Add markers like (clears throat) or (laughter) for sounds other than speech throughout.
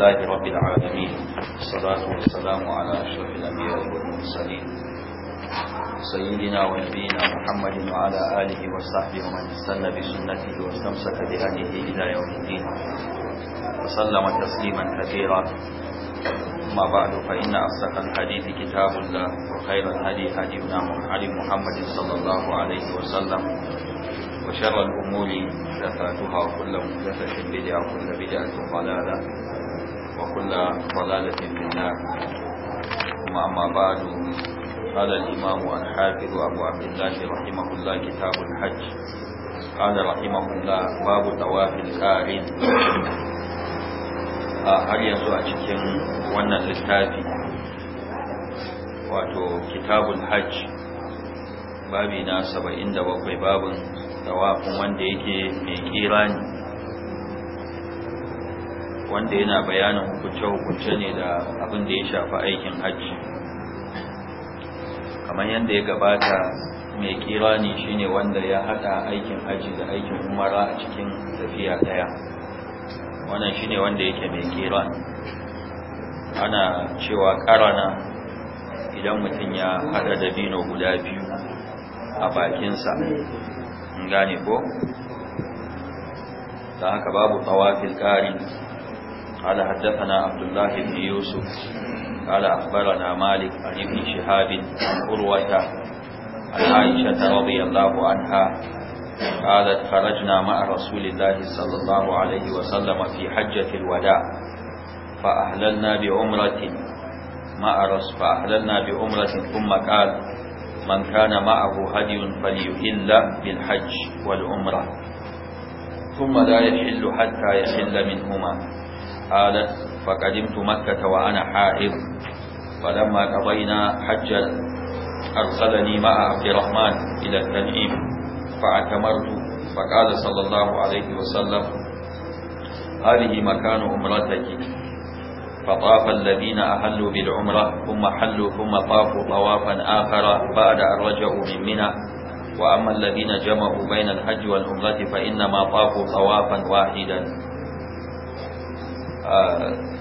لله رب العالمين الصلاة والسلام على أشرف الأنبياء والمرسلين سيدنا ونبينا محمد وعلى آله وصحبه ومن استنى بسنته واستمسك بهديه إلى يوم الدين وسلم تسليما كثيرا أما بعد فإن أصدق الحديث كتاب الله وخير الهدي هدينا محمد محمد صلى الله عليه وسلم وشر الأمور محدثاتها وكل محدثة بدعة وكل بدعة ضلالة وكل ضلالة في النار ثم أما بعد قال الإمام الحافظ أبو عبد الله رحمه الله كتاب الحج قال رحمه الله باب طواف القارن هل yanzu a وانا wannan littafi wato kitabul hajj babi na 77 babin tawafin wanda yake mai kirani wanda yana bayanin hukunce-hukunce ne da abin da ya shafi aikin hajji kamar yadda ya gabata mai kirani shine wanda ya hada aikin hajji da aikin umara a cikin tafiya daya wannan shine wanda yake mai kira ana cewa karana idan mutum ya hada da bino guda biyu a bakinsa gane ko ta haka babu tsawafin ƙari قال حدثنا عبد الله بن يوسف قال أخبرنا مالك عن ابن شهاب عن قروة عن عائشة رضي الله عنها قالت خرجنا مع رسول الله صلى الله عليه وسلم في حجة الوداع فأهللنا بعمرة مع رسول فأهللنا بعمرة ثم قال من كان معه هدي فليهل بالحج والعمرة ثم لا يحل حتى يحل منهما قالت فقدمت مكة وأنا حائض فلما قضينا حجا أرسلني مع عبد الرحمن إلى التنعيم فأتمرت فقال صلى الله عليه وسلم هذه مكان عمرتك فطاف الذين أهلوا بالعمرة ثم حلوا ثم طافوا طوافا آخر بعد أن رجعوا من منى وأما الذين جمعوا بين الحج والعمرة فإنما طافوا طوافا واحدا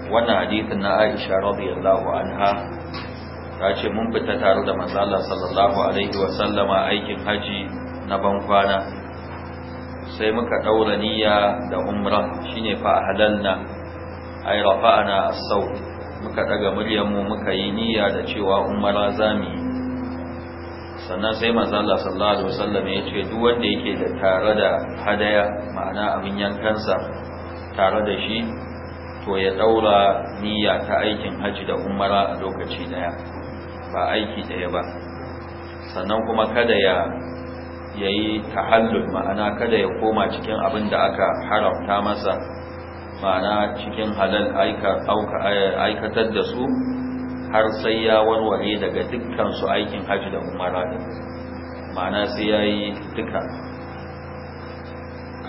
wannan hadithin na Aisha radiyallahu anha ta ce mun fita tare da manzo Allah sallallahu alaihi wa sallama aikin haji na ban kwana sai muka daura niyya da umrah shine fa halalna ay rafa'na as-saw muka daga muryar mu muka yi niyya da cewa umra zamu sannan sai Allah sallallahu alaihi wa sallama ya ce duk wanda yake da tare da hadaya ma'ana abin yankansa tare da shi to ya daura niyya ta aikin haji da umara a lokaci daya ba aiki daya ba sannan kuma kada ya yayi tahallul ma'ana kada ya koma cikin abin da aka haramta masa ma'ana cikin halal aikatar da su har sai ya warware daga dukkan su aikin haji da umara din ma'ana sai yayi duka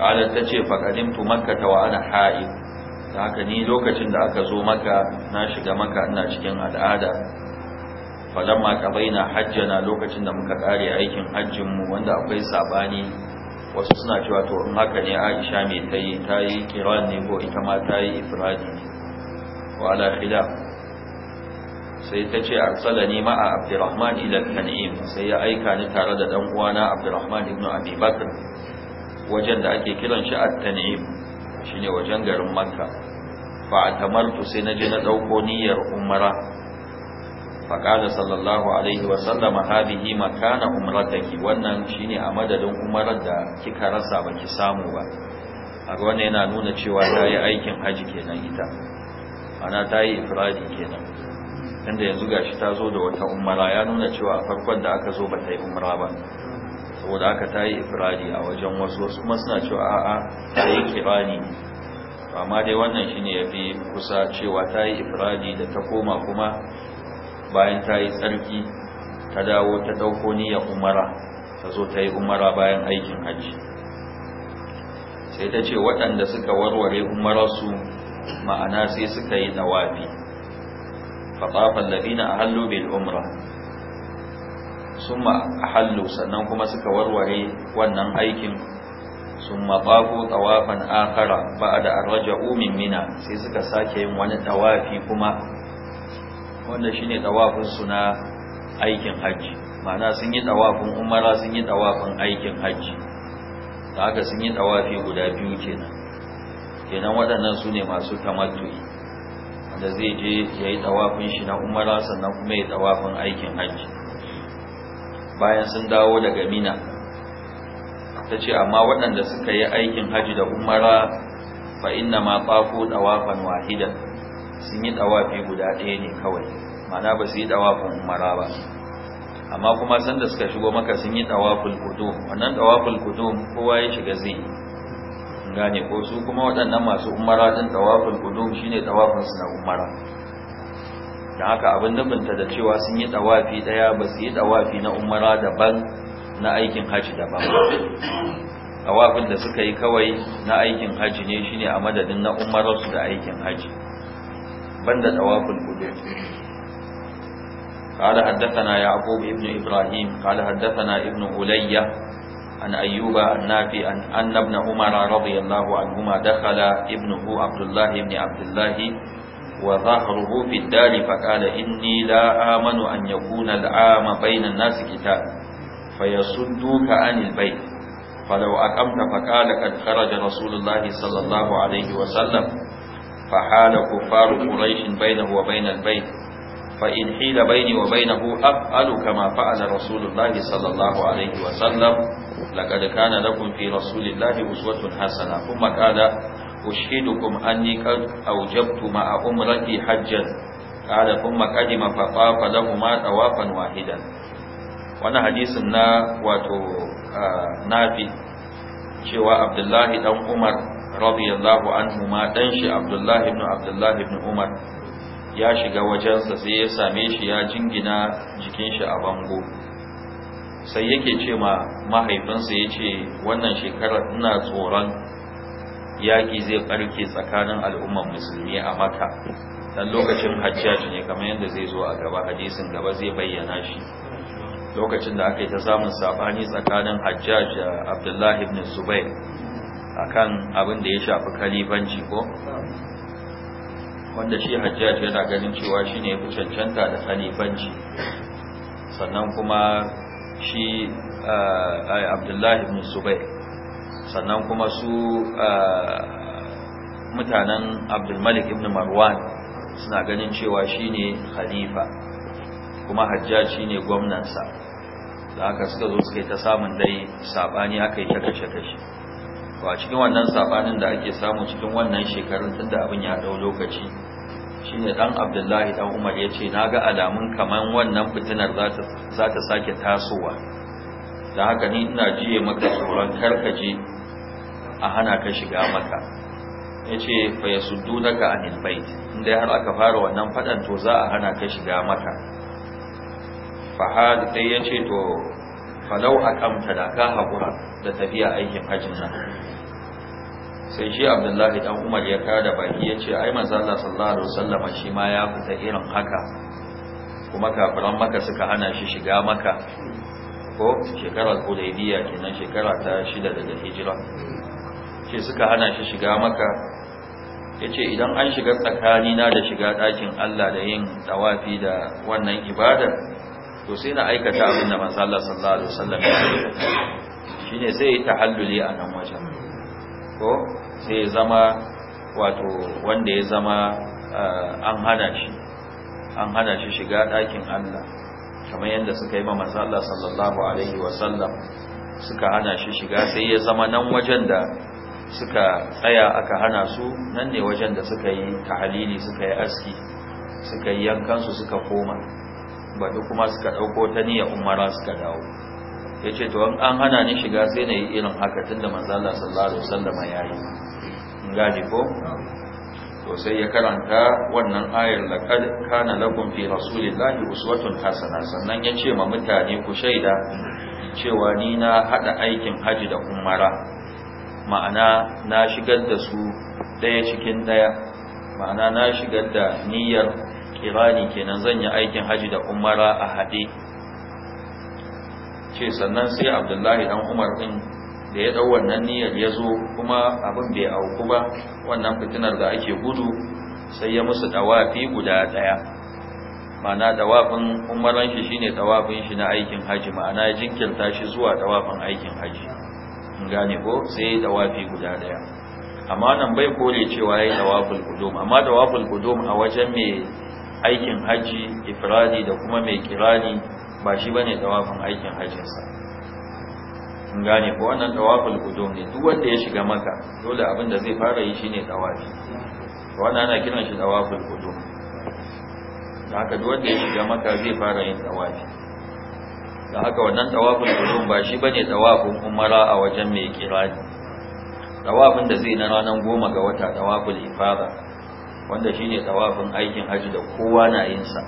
qalat tace faqadimtu makkah wa ana ha'id Da haka ni lokacin da aka zo maka na shiga maka ina cikin al'ada falamma qabaina hajjana lokacin da muka kare aikin hajjin mu wanda akwai sabani wasu suna cewa to in haka ne Aisha mai tayi tayi kiran ne ko ita ma tayi ifradi ne wa ala khilaf sai ta ce arsalani ma Abdurrahman ila Tan'im sai ya aika ni tare da dan uwana Abdurrahman ibn Abi Bakr wajen da ake kiran shi at-Tan'im Shi ne wajen garin makka fa atamaltu sai na je na ɗauko niyyar umara. fa qala sallallahu alaihi wa sallam hadhihi makana ki? wannan shine a madadin umarar da kika rasa ki samu ba a wani yana nuna cewa ta yi aikin haji kenan ita ana ta yi ifradi kenan inda yanzu gashi ta zo da wata umara ya nuna cewa a farkon da aka zo ba ta yi umara ba saboda haka ta yi ifradi a wajen wasu wasu kuma suna cewa a'a ta yi kirani amma dai wannan shi ne ya fi kusa cewa ta yi ifradi da ta koma kuma bayan ta yi tsarki ta dawo ta ɗauko niyyar umara ta zo ta yi umara bayan aikin hajji sai ta ce waɗanda suka warware umararsu ma'ana sai suka yi nawafi faɗafan labina a hallo bil umra summa ahallu sannan kuma suka warware wannan aikin summa taqu tawafan ba da arraja Umin mina sai suka sake yin wani tawafi kuma wanda shine tawafin su na aikin haji ma'ana sun yi tawafin umara sun yi tawafin aikin haji da haka sun yi tawafi guda biyu kenan kenan waɗannan su ne masu tamattu'i wanda zai je ya yi tawafin shi na umara sannan kuma ya yi tawafin aikin haji bayan sun dawo daga mina ta ce amma waɗanda suka yi aikin haji da umara ba inna ma tsafo ɗawafan wahidan sun yi ɗawafi guda ɗaya ne kawai mana ba su yi ɗawafin umara ba amma kuma sanda suka shigo maka sun yi ɗawafin kudum wannan ɗawafin kudum kowa ya shiga zai gane ko su kuma waɗannan masu umara ɗin ɗawafin kudum shine ɗawafin su na umara da haka abin nufinta da cewa sun yi ɗawafi ɗaya ba su yi ɗawafi na umara daban na aikin hajji daban ɗawafin da suka yi kawai na aikin hajji ne shine a madadin na umararsu da aikin hajji banda ɗawafin kudu قال حدثنا يعقوب ابن إبراهيم قال حدثنا ابن ألية عن أيوب النافي أن, أن ابن عمر رضي الله عنهما دخل ابنه عبد الله بن عبد الله وظهره في الدار فقال إني لا آمن أن يكون العام بين الناس كتاب فيصدوك عن البيت فلو أقمت فقال قد خرج رسول الله صلى الله عليه وسلم فحال كفار قريش بينه وبين البيت فإن حيل بيني وبينه أفعل كما فعل رسول الله صلى الله عليه وسلم لقد كان لكم في رسول الله أسوة حسنة ثم قال أشهدكم أني قد أوجبت مع أمرتي حجا قال ثم قدم فطاف لهما طوافا واحدا وانا حديث نا واتو نافي شوى عبد الله بن عمر رضي الله عنهما دنشي عبد الله بن عبد الله بن عمر ya shiga wajensa sai ya same shi ya jingina jikin shi a bango sai yake ce ma mahaifinsa ya ce wannan shekarar ina tsoron yaƙi zai ɓarke tsakanin al'umman musulmi a maka dan lokacin hajjaji ne kamar yadda zai zo a gaba hadisin gaba zai bayyana shi lokacin da aka yi ta samun sabani tsakanin hajjaji da abdullahi ibn zubair akan abin da ya shafi kalibanci ko wanda shi hajjaji yana ganin cewa shi ne fi cancanta da kalibanci sannan kuma shi eh, abdullahi ibn zubair sannan kuma su ah, mutanen abdulmalik ibn marwan suna ganin cewa shine khalifa kuma hajjaj shine gwamnansa da aka suka zo suka yi ta samun dai sabani aka yi shakashakashi. kashe cikin wannan sabanin da ake samu cikin wannan shekarun tunda abin ya dau lokaci shi ne dan abdullahi dan umar ya ce na ga alamun kamar wannan fitinar za ta sake tasowa da haka ni ina jiye maka tsoron karkaje a hana ka shiga maka ya ce faya ya daga anil bait inda har aka fara wannan fadan to za a hana ka shiga maka fahad sai ya ce to falau akamta da ka haƙura da tafiya aikin hajji na. sai shi abdullahi dan umar ya kada baki ya ce ai manzo Allah sallallahu alaihi wasallam shi ma ya fita irin haka kuma kafiran maka suka hana shi shiga maka ko shekarar hudaybiya kenan shekara ta shida daga hijira ce suka hana shi shiga maka ya ce idan an shiga tsakanina da shiga ɗakin Allah da yin tawafi da wannan ibadar to sai na aikata abin da Allah sallallahu alaihi wasallam ya aikata shi ne sai ya tahalluli a nan wajen ko sai ya zama wato wanda ya zama eh, an hana shi an hana shi shiga ɗakin Allah kamar yadda suka yi ma Allah sallallahu alaihi wasallam suka hana shi shiga sai ya zama nan wajen da suka tsaya aka hana su nan ne wajen da suka yi tahalili suka yi aski suka yi yankansu suka koma baɗi kuma suka ɗauko ta niyyar umara suka dawo ya ce tuwon an hana ni shiga sai na yi irin haka tun da manzala sallallahu alaihi ya yi gane ko to sai ya karanta wannan ayar laqad kana lakum fi rasulillahi uswatun hasana sannan ya ce ma mutane ku shaida cewa ni na haɗa aikin haji da umara ma'ana na shigar da su ɗaya cikin ɗaya ma'ana na shigar da niyyar kirani kenan zan yi aikin haji da umara a haɗe ce sannan sai abdullahi dan umar ɗin da ya ɗau wannan niyyar ya zo kuma abin bai auku ba wannan fitinar da ake gudu sai ya musu ɗawafi guda ɗaya ma'ana ɗawafin umaran shi shine ɗawafin shi na aikin haji ma'ana jinkirta shi zuwa ɗawafin aikin haji gane ko sai tawafi guda daya amma nan bai kore cewa yayi dawaful qudum amma dawaful qudum a wajen mai aikin haji ifradi da kuma mai kirani ba shi bane dawafin aikin hajjin sa gane ko wannan dawaful qudum ne duk wanda ya shiga maka dole abin da zai fara yi shine dawafi wannan ana kiran shi dawaful qudum haka duk wanda ya shiga maka zai fara yin dawafi da haka wannan tawafin qudum ba shi bane tawafin umara a wajen mai kirani tawafin da zai na ranar goma ga wata tawafin ifada wanda shine tawafin aikin haji da kowa na yinsa,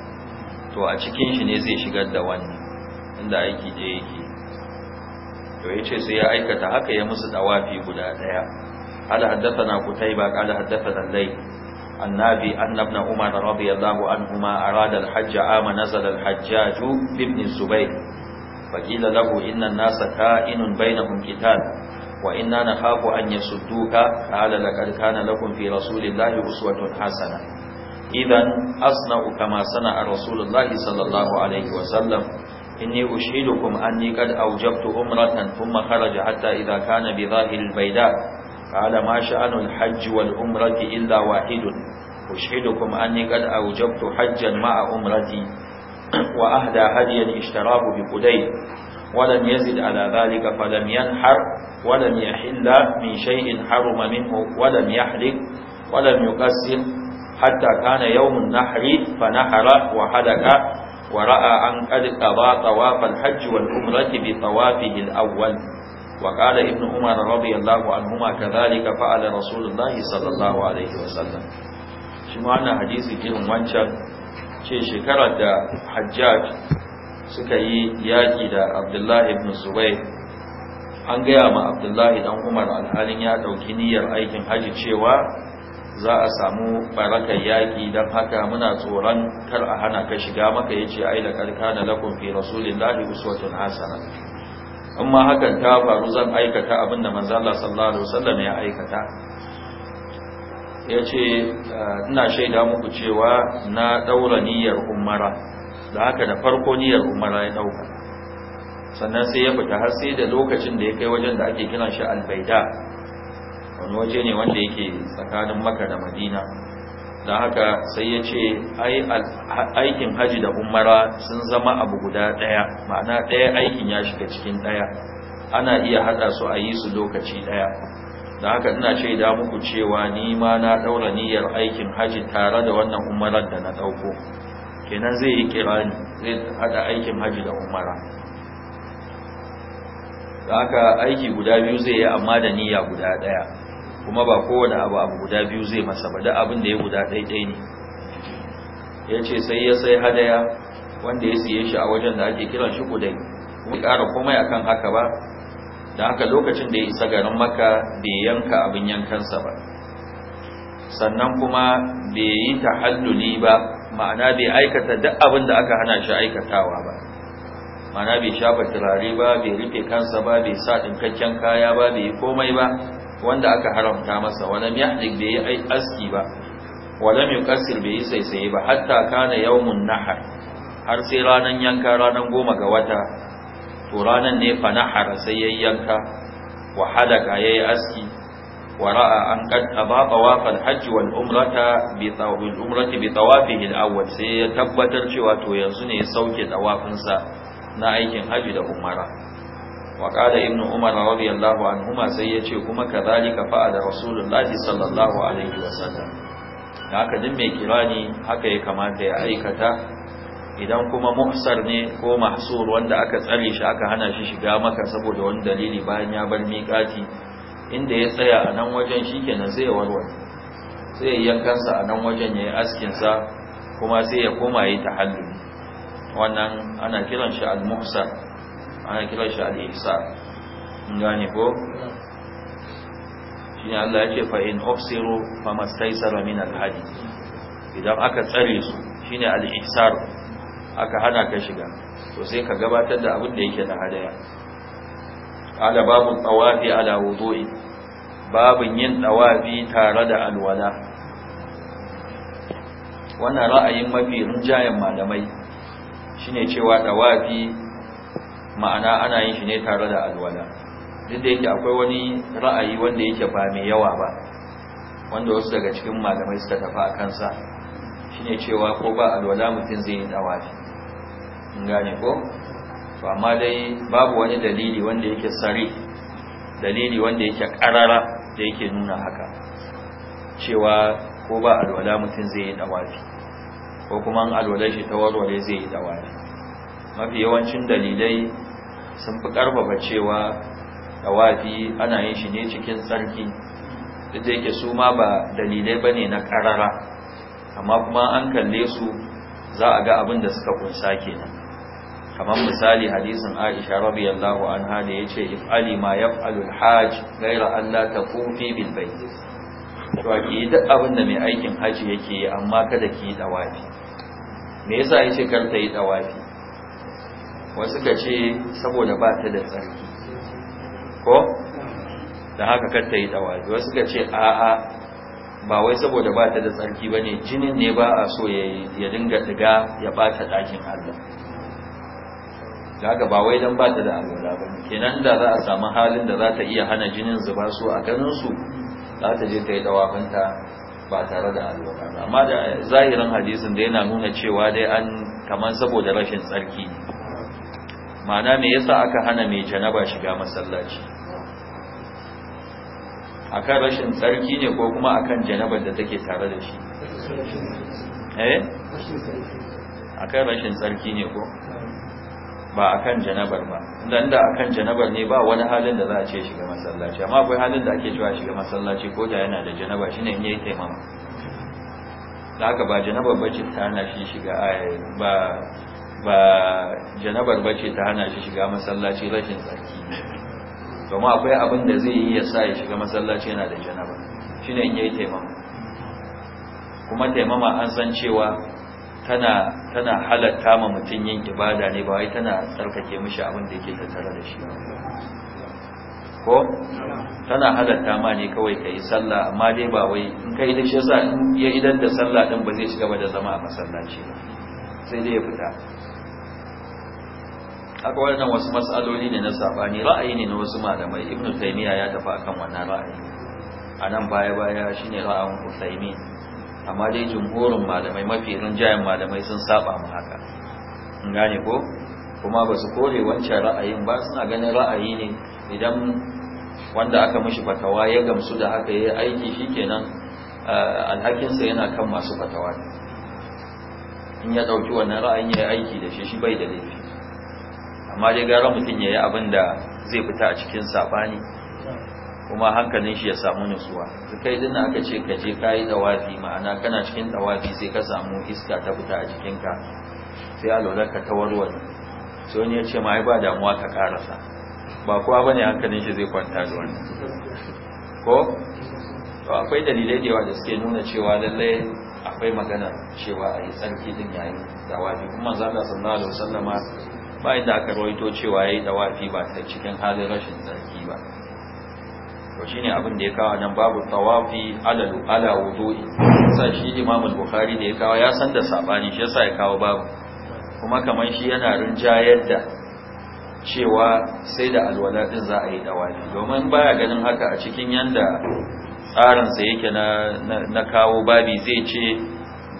to a cikin shi ne zai shigar da wani, inda aiki da yake to yace sai ya aikata haka ya musu tawafi guda daya قال na قتيبة قال حدثنا الليل النبي أن ابن عمر رضي الله عنهما أراد الحج عام نزل الحجاج بابن الزبير فقيل له إن الناس كائن بينهم قتال وإنا نخاف أن يصدوك قال لقد كان لكم في رسول الله أسوة حسنة إذا أصنع كما صنع رسول الله صلى الله عليه وسلم إني أشهدكم أني قد أوجبت أمرة ثم خرج حتى إذا كان بظاهر البيداء قال ما شأن الحج والأمرة إلا واحد أشهدكم أني قد أوجبت حجا مع أمرتي وأهدى هديا اشتراه بخديد ولم يزد على ذلك فلم ينحر ولم يحل من شيء حرم منه ولم يحلق ولم يقسم حتى كان يوم النحر فنحر وحلق ورأى أن قد قضى طواف الحج والعمرة بطوافه الأول وقال ابن عمر رضي الله عنهما كذلك فعل رسول الله صلى الله عليه وسلم شمعنا أنا حديث كلمة وانشان ce shekarar da hajjaj suka yi yaƙi da abdullahi ibn zubai an gaya ma abdullahi dan umar alhalin ya ɗauki niyyar aikin haji cewa za a samu barakar yaƙi don haka muna tsoron kar a hana ka shiga maka ya ce ai da karka na lakon fi rasulillahi uswatun hasana amma hakan ta faru zan aikata abinda manzala sallallahu alaihi wasallam ya aikata ya ce ah, ina shaida muku cewa na ɗaura niyyar umara da haka da farko niyyar umara ya ɗauka sannan sai ya fita har sai da lokacin da ya kai wajen da ake kiran shi albaida wani waje ne wanda yake tsakanin maka da madina da haka sai ya ce aikin haji da umara sun zama abu guda ɗaya ma'ana ɗaya aikin ya shiga cikin ɗaya ana iya haɗa su a yi su lokaci ɗaya da haka ina ce da muku cewa ni ma na daura niyyar aikin haji tare da wannan umarar da na dauko kenan zai yi kirani zai hada aikin haji da umara da haka aiki guda biyu zai yi amma da niyya guda daya kuma ba kowane abu abu guda biyu zai masa ba da abin da ya guda ɗaiɗai ne ya ce sai ya sai hadaya wanda ya siye shi a wajen da ake kiran shi kudai kuma ƙara komai akan haka ba da haka lokacin da ya isa garin maka bai yanka abin yankansa ba sannan kuma bai yi tahalluli ba ma'ana bai aikata duk abin da aka hana shi aikatawa ba ma'ana bai shafa turare ba bai rufe kansa ba bai sa ɗinkaccen kaya ba bai yi komai ba wanda aka haramta masa Wani yahdik bai yi aski ba walam yuqassir bai yi saisaye ba hatta kana yawmun nahar har sai ranar yanka ranar goma ga wata to ranan ne fa nahara sai yayyanka wa halaka yayi aski wa ra'a an qad ababa wafal hajj wal umrata bi tawil umrati bi tawafihi al awwal sai ya tabbatar cewa to yanzu ne ya sauke tawafin sa na aikin haji da umara wa qala Ibnu umar radiyallahu anhuma sai yace kuma kadhalika fa'ala rasulullahi sallallahu alaihi wasallam haka din mai kirani haka ya kamata ya aikata idan kuma muhsar ne ko mahsur wanda aka tsare shi aka hana shi shiga maka saboda wani dalili bayan ya bar miƙati inda ya tsaya a nan wajen shikenan sai ya warware sai ya yankansa a nan wajen ya yi askinsa kuma sai ya koma ya yi tahalluli wannan ana kiran shi al-muhsar ana kiran shi al-ihsar gane ko ne Allah ya ce fa in ufsiru mastaisara min al-hadi idan aka tsare su shine al-ihsar aka hana ka shiga to sai ka gabatar da abin da yake da hadaya ala babu tawafi ala wudu'i Babun yin tawafi tare da alwala wannan ra'ayin mafi rinjayen malamai shine cewa tawafi ma'ana ana yin shi ne tare da alwala duk da yake akwai wani ra'ayi wanda yake ba mai yawa ba wanda wasu daga cikin malamai suka tafi a kansa shine cewa ko ba alwala mutum zai yi tawafi gane ko to amma dai babu wani dalili wanda yake sari dalili wanda yake karara da yake nuna haka cewa ko ba alwala mutum zai yi dawafi ko kuma an alwala shi ta warware zai yi dawafi mafi yawancin dalilai sun fi karfafa cewa dawafi ana yin shi ne cikin tsarki duk da yake su ma ba dalilai bane na karara amma kuma an kalle su za a ga abin da suka kunsa kenan kamar misali hadisin Aisha radiyallahu anha da yace if'ali ma yaf'alul hajj ghaira an la taqufi bil bayt to ki duk abin da mai aikin haji yake yi amma kada ki yi dawafi me yasa yace kar ta yi dawafi wasu ka ce saboda ba ta da tsarki ko da haka kar ta yi dawafi wasu ka ce a'a ba wai saboda ba ta da tsarki bane jinin ne ba a so ya dinga diga ya bata dakin Allah kaga ba wai dan ba ta da alwala ba kenan da za a samu halin da za ta iya hana jinin zuba su a ganin su za ta je ta yi dawafinta ba tare da alwala ba amma da zahirin hadisin da yana nuna cewa dai an kamar saboda rashin tsarki ma'ana me yasa aka hana mai janaba shiga masallaci akan rashin tsarki ne ko kuma akan janabar da take tare da shi eh akan rashin tsarki ne ko ba akan janabar ba dan da akan janabar ne ba wani halin da za a ce shiga masallaci amma akwai halin da ake cewa shiga masallaci ko da yana da janaba shine in yayi taimama da haka ba janabar bace ta hana shi shiga ba ba janabar bace ta hana shi shiga masallaci rashin tsarki domin akwai abin da zai yi ya sa ya shiga masallaci yana da janaba shine in yayi taimama kuma taimama an san cewa tana tana halatta ma mutum yin ibada ne ba wai tana tsarkake mishi abin da yake tattare da shi ko tana halatta ma ne kawai kai sallah amma dai ba wai in kai da shi sa in ya idan da sallah din ba zai ci gaba da zama a masallaci ba sai dai ya fita haka wannan wasu mas'aloli ne na sabani ra'ayi ne na wasu malamai ibnu taymiya ya tafi akan wannan ra'ayi anan baya baya shine ra'ayin usaimin amma dai jumhurin malamai mafi rinjayen malamai sun saba mu haka in gane ko kuma ba su kore wancan ra'ayin ba suna ganin ra'ayi ne idan wanda aka mishi fatawa ya gamsu da haka ya aiki kenan eh, alhakinsa yana kan masu fatawa in ya ɗauki wannan ra'ayin ya aiki da shi shi bai da laifi amma dai gara mutum ya yi abin da zai fita a cikin saɓani kuma hankalin shi ya samu nutsuwa kai din aka ce ka je kai dawafi ma'ana kana cikin dawafi sai ka samu iska ta fita a jikinka sai alwala ka tawarwa sai wani ya ce ma ai ba damuwa ka karasa ba kowa bane hankalin shi zai kwanta da wannan ko to akwai dalilai da yawa da suke nuna cewa lalle akwai magana cewa a yi tsarki din yayin dawafi kuma zalla sallallahu alaihi wasallama ba inda aka rawaito cewa yayi dawafi ba ta cikin halin rashin tsarki ba to shine abin da ya kawo nan babu tawafi ala ala wudu'i sai shi Imam al-Bukhari da ya kawo ya san da sabani shi yasa ya kawo babu kuma kaman shi yana rinjayar da cewa sai da alwala din za a yi dawafi domin baya ganin haka a cikin yanda tsarin sa yake na na kawo babi zai ce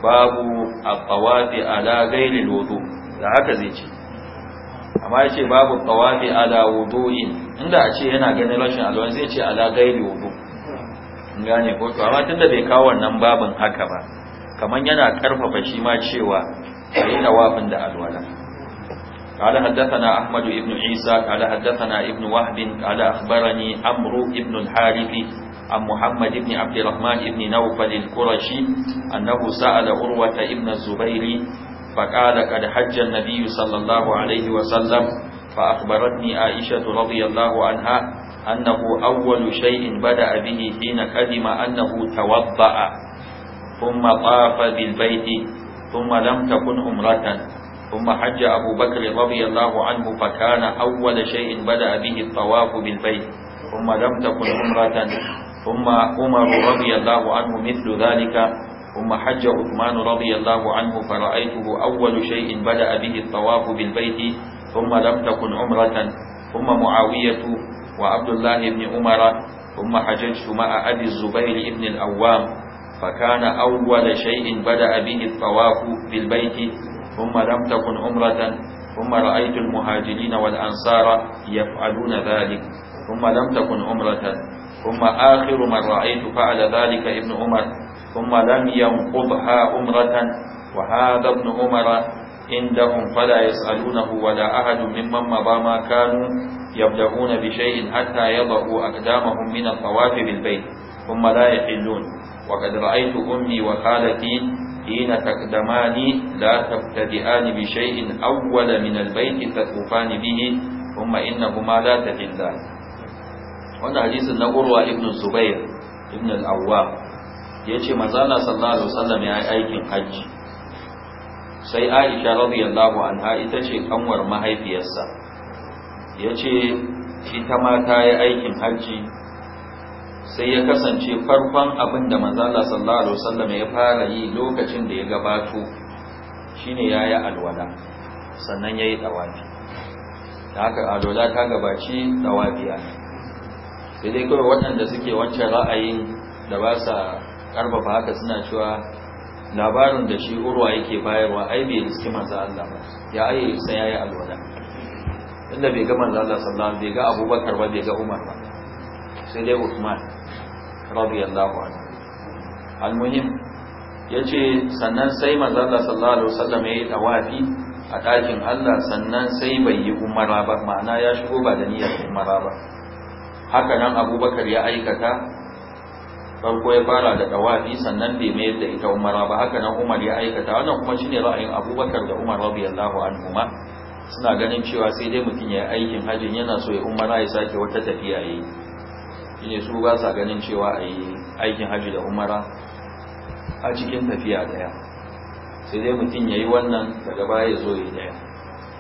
babu a tawafi ala ghairi wudu da haka zai ce amma ce babu qawafi ala wudu'in inda a ce yana ganin rashin alwan zai ce ala gairi wudu in gane ko to amma tunda bai kawo wannan babin haka ba kaman yana karfafa shi ma cewa ayi tawafin da alwala قال حدثنا أحمد بن عيسى قال حدثنا ابن وهب قال أخبرني عمرو Amru الحارث عن محمد بن عبد الرحمن بن نوفل القرشي أنه سأل عروة Ibn الزبير فقال قد حج النبي صلى الله عليه وسلم فأخبرتني عائشة رضي الله عنها أنه أول شيء بدأ به حين قدم أنه توضأ ثم طاف بالبيت ثم لم تكن عمرة ثم حج أبو بكر رضي الله عنه فكان أول شيء بدأ به الطواف بالبيت ثم لم تكن عمرة ثم عمر رضي الله عنه مثل ذلك ثم حج عثمان رضي الله عنه فرأيته أول شيء بدأ به الطواف بالبيت ثم لم تكن عمرة ثم معاوية وعبد الله بن عمر ثم حججت مع أبي الزبير بن الأوام فكان أول شيء بدأ به الطواف بالبيت ثم لم تكن عمرة ثم رأيت المهاجرين والأنصار يفعلون ذلك ثم لم تكن عمرة ثم آخر من رأيت فعل ذلك ابن عمر ثم لم ينقضها عمرة وهذا ابن عمر عندهم فلا يسألونه ولا أحد ممن مضى ما كانوا يبدأون بشيء حتى يضعوا أقدامهم من الطواف بالبيت ثم لا يحلون وقد رأيت أمي وخالتي حين تقدمان لا تبتدئان بشيء أول من البيت تطوفان به ثم إنهما لا تحلان هنا حديث نقول ابن الزبير ابن الأواب ya ce mazala sallallahu alaihi wasallam ya yi aikin hajji sai aisha radiyallahu anha ita ce kanwar mahaifiyarsa ya ce ita ma ta yi aikin hajji sai ya kasance farkon abin da na sallallahu alaihi wasallam ya fara yi lokacin da ya gabato shine ya yi alwala sannan ya yi dawafi da haka alwala ta gabaci dawafiya sai dai kawai waɗanda suke wancan ra'ayin da ba sa karfafa haka suna cewa labarin da shi urwa yake bayarwa ai bai riski manzo Allah ba ya ai sai yayi alwala inda bai ga manzo Allah sallallahu alaihi wasallam bai ga Abubakar ba bai ga Umar ba sai dai Uthman radiyallahu anhu almuhim yace sannan sai manzo Allah sallallahu alaihi wasallam yayi tawafi a ɗakin Allah sannan sai bai yi umara ba ma'ana ya shigo ba da niyyar umara ba haka nan Abubakar ya aikata farko ya fara da dawafi sannan bai mayar da ita umara ba haka nan umar ya aikata wannan kuma shine ra'ayin abubakar da umar radiyallahu anhuma suna ganin cewa sai dai mutum ya aikin hajjin yana so ya umara ya sake wata tafiya yi shine su ba sa ganin cewa a yi aikin hajji da umara a cikin tafiya daya sai dai mutum ya yi wannan daga baya ya zo ya daya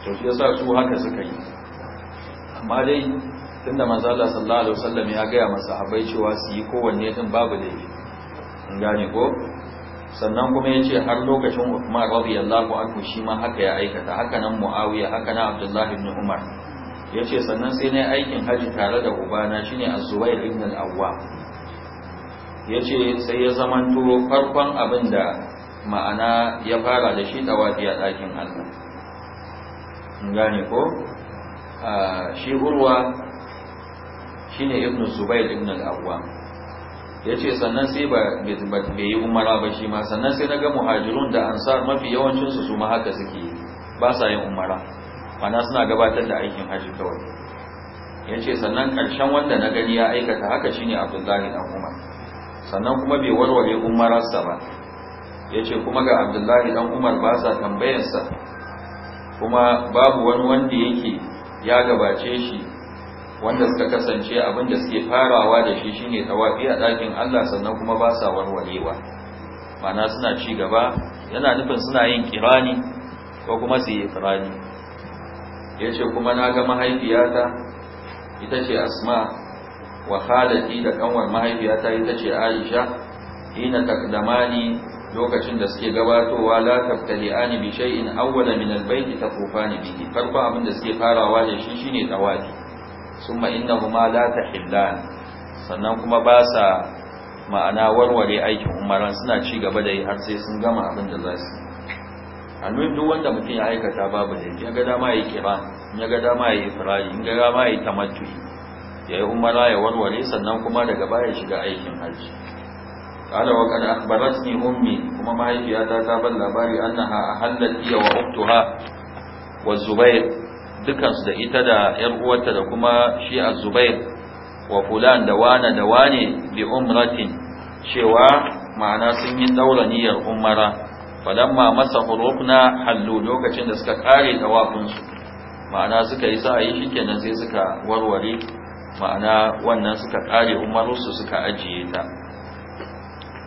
to shi yasa su haka suka yi amma dai tunda maza Allah sallallahu alaihi wasallam ya ga masahabai cewa su yi kowanne din babu da yi. in gane ko sannan kuma yace har lokacin Uthman radiyallahu anhu shi ma haka ya aikata haka nan Muawiya haka nan Abdullah ibn Umar yace sannan sai na yi aikin haji tare da ubana shine Az-Zubair ibn al-Awwam yace sai ya turo farkon abin da ma'ana ya fara da shi tawafi a ɗakin Allah gane ko ah, shi urwa shine ibnu zubair ibn al-awwam yace sannan sai ba bai yi umara ba shi ma sannan sai naga muhajirun da ansar mafi yawancin su su ma haka suke ba sa yin umara mana suna gabatar da aikin haji kawai yace sannan karshen wanda na gani ya aikata haka shine abdullahi ibn umar sannan kuma bai warware umararsa ba yace kuma ga abdullahi dan umar ba sa tambayarsa kuma babu wani wanda yake ya gabace shi wanda suka kasance abin da suke farawa da shi shine tawafi a ɗakin Allah sannan kuma ba sa warwarewa ma'ana suna ci gaba yana nufin suna yin kirani ko kuma su yi kirani yace kuma na ga mahaifiyata ita ce asma wa khalati da kanwar mahaifiyata ita ce aisha ina takdamani lokacin da suke gabatowa la ani bi shay'in awwala min al-bayt taqufani bihi farko abin da suke farawa da shi shine tawafi summa innahuma la tahillan sannan kuma ba sa ma'ana warware aikin umaran suna ci gaba da yi har sai sun gama abin da za su almin duk wanda mutum ya aikata babu ne ya ga dama yi kira ya ga dama yi firari in ga dama yi tamattu ya yi umara ya warware sannan kuma daga baya shiga aikin hajji wa وقد kuma ummi ta mahaifiyata ta في labari annaha ahallat ya wa uktuha wa zubair dukansu da ita da ‘yar uwarta da kuma shi a zubair wa fulan da wane da wane bi umratin cewa ma'ana sun yi daura niyyar umara falamma masa hurukna hallu lokacin da suka kare tawafinsu ma'ana suka yi sa'ayi shikenan sai suka warware ma'ana wannan suka kare umarsu suka ajiye ta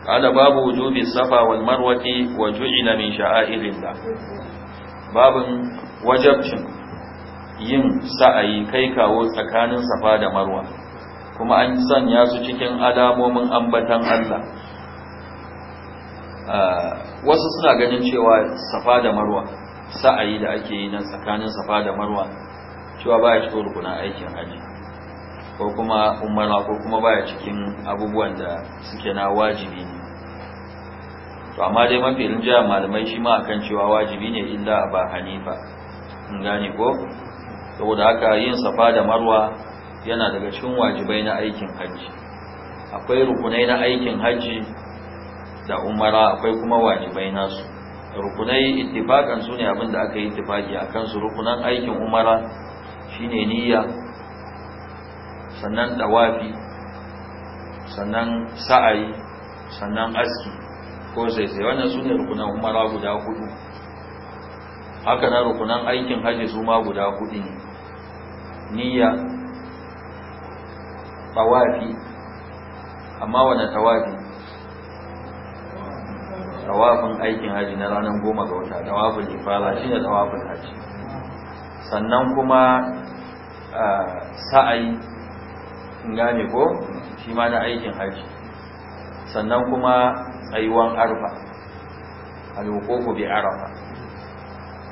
qala babu wujubi safa wal marwati wa ju'ila min sha'airillah babun wajabcin yin sa'ayi kai kawo tsakanin safa da marwa kuma an sanya su cikin alamomin ambatan Allah ah, wasu suna ganin cewa safa da marwa sa'ayi da ake yi na tsakanin safa da marwa cewa baya cikin rukunan aikin haji ko kuma umara ko kuma baya cikin abubuwan da suke na wajibi ne to amma dai mafi rinjaya malamai shi ma akan cewa wajibi ne illa ba hanifa in gane ko saboda haka yin safa da marwa yana daga cikin wajibai na aikin hajji akwai rukunai na aikin hajji da umara akwai kuma wajibai nasu rukunai ittifakan su ne abinda aka yi ittifaki a kansu rukunan aikin umara shine niyya sannan dawafi sannan sa'ayi sannan aski ko zaizai wannan su ne rukunan umara guda hudu haka na rukunan aikin hajji su ma guda hudu ne niyya tawafi amma wane tawafi tawafin aikin haji na ranar goma ga wata tawafin ifala shi ne tawafin haji sannan kuma sa'ayi gane ko shi ma na aikin haji sannan kuma tsayuwan arfa alwukoko bi arafa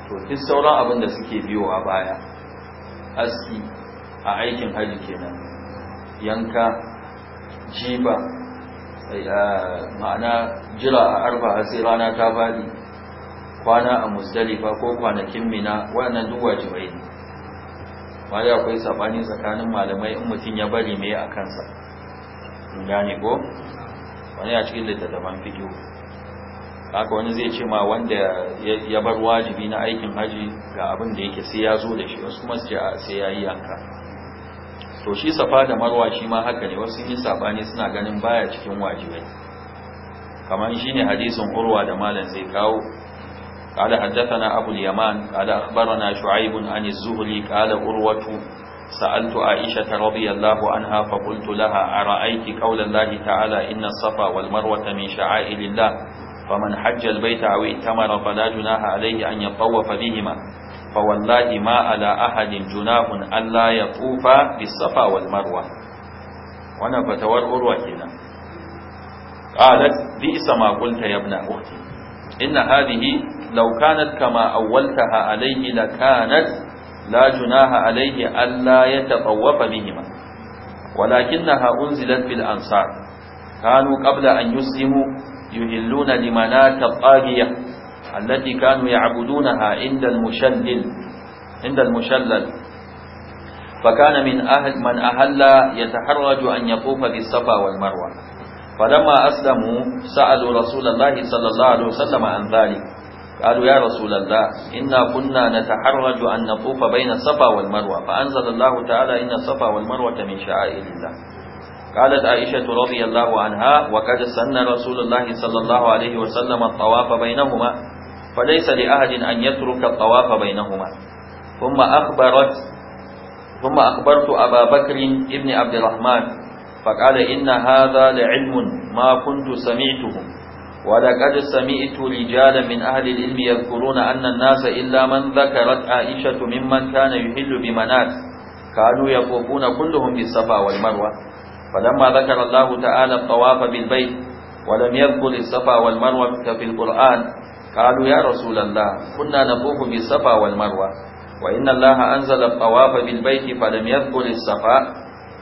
to duk sauran abin da suke biyo a baya aski a aikin haji kenan yanka jiba eh, ma'ana jira a arba har sai rana ta bari kwana a musdalifa ko kwanakin mina waɗannan duk wajibai ne bayan akwai sabani tsakanin malamai in mutum ya bari mai a kansa gane ko wani a cikin littattafan fikihu haka wani zai ce ma wanda ya bar wajibi na aikin haji ga abin da yake sai ya zo da shi wasu kuma sai ya yi yanka to shi safa da marwa shi ma haka ne wasu yin saba ne suna ganin baya cikin wajibai kamar shi ne hadisun urwa da malam zai kawo kala na Abul yaman kala akhbarana shu'aib an az-zuhri kala urwatu sa'altu aisha Yallahu anha fa qultu laha ara'ayti qawla allahi ta'ala inna safa walmarwata marwa min sha'a'ilillah فمن حج البيت أو ائتمر فلا جناح عليه أن يطوف بهما فوالله ما على أحد جناح ألا يطوف بالصفا والمروة وانا فتور أروى هنا قالت بئس ما قلت يا ابن أختي إن هذه لو كانت كما أولتها عليه لكانت لا جناح عليه ألا يتطوف بهما ولكنها أنزلت في الأنصار كانوا قبل أن يسلموا يهلون لمناك الطاغية التي كانوا يعبدونها عند المشلل عند المشلل فكان من أهل من أهل يتحرج أن يطوف بالصفا والمروة فلما أسلموا سألوا رسول الله صلى الله عليه وسلم عن ذلك قالوا يا رسول الله إنا كنا نتحرج أن نطوف بين الصفا والمروة فأنزل الله تعالى إن الصفا والمروة من شعائر الله قالت عائشة رضي الله عنها وقد سن رسول الله صلى الله عليه وسلم الطواف بينهما فليس لأحد أن يترك الطواف بينهما ثم أخبرت ثم أخبرت أبا بكر ابن عبد الرحمن فقال إن هذا لعلم ما كنت سمعته ولقد سمعت رجالا من أهل العلم يذكرون أن الناس إلا من ذكرت عائشة ممن كان يحل بمنات كانوا يطوفون كلهم بالصفا والمروة فلما ذكر الله تعالى الطواف بالبيت ولم يذكر الصفا والمروة كفي القرآن قالوا يا رسول الله كنا نطوف بالصفا والمروة وإن الله أنزل الطواف بالبيت فلم يذكر الصفا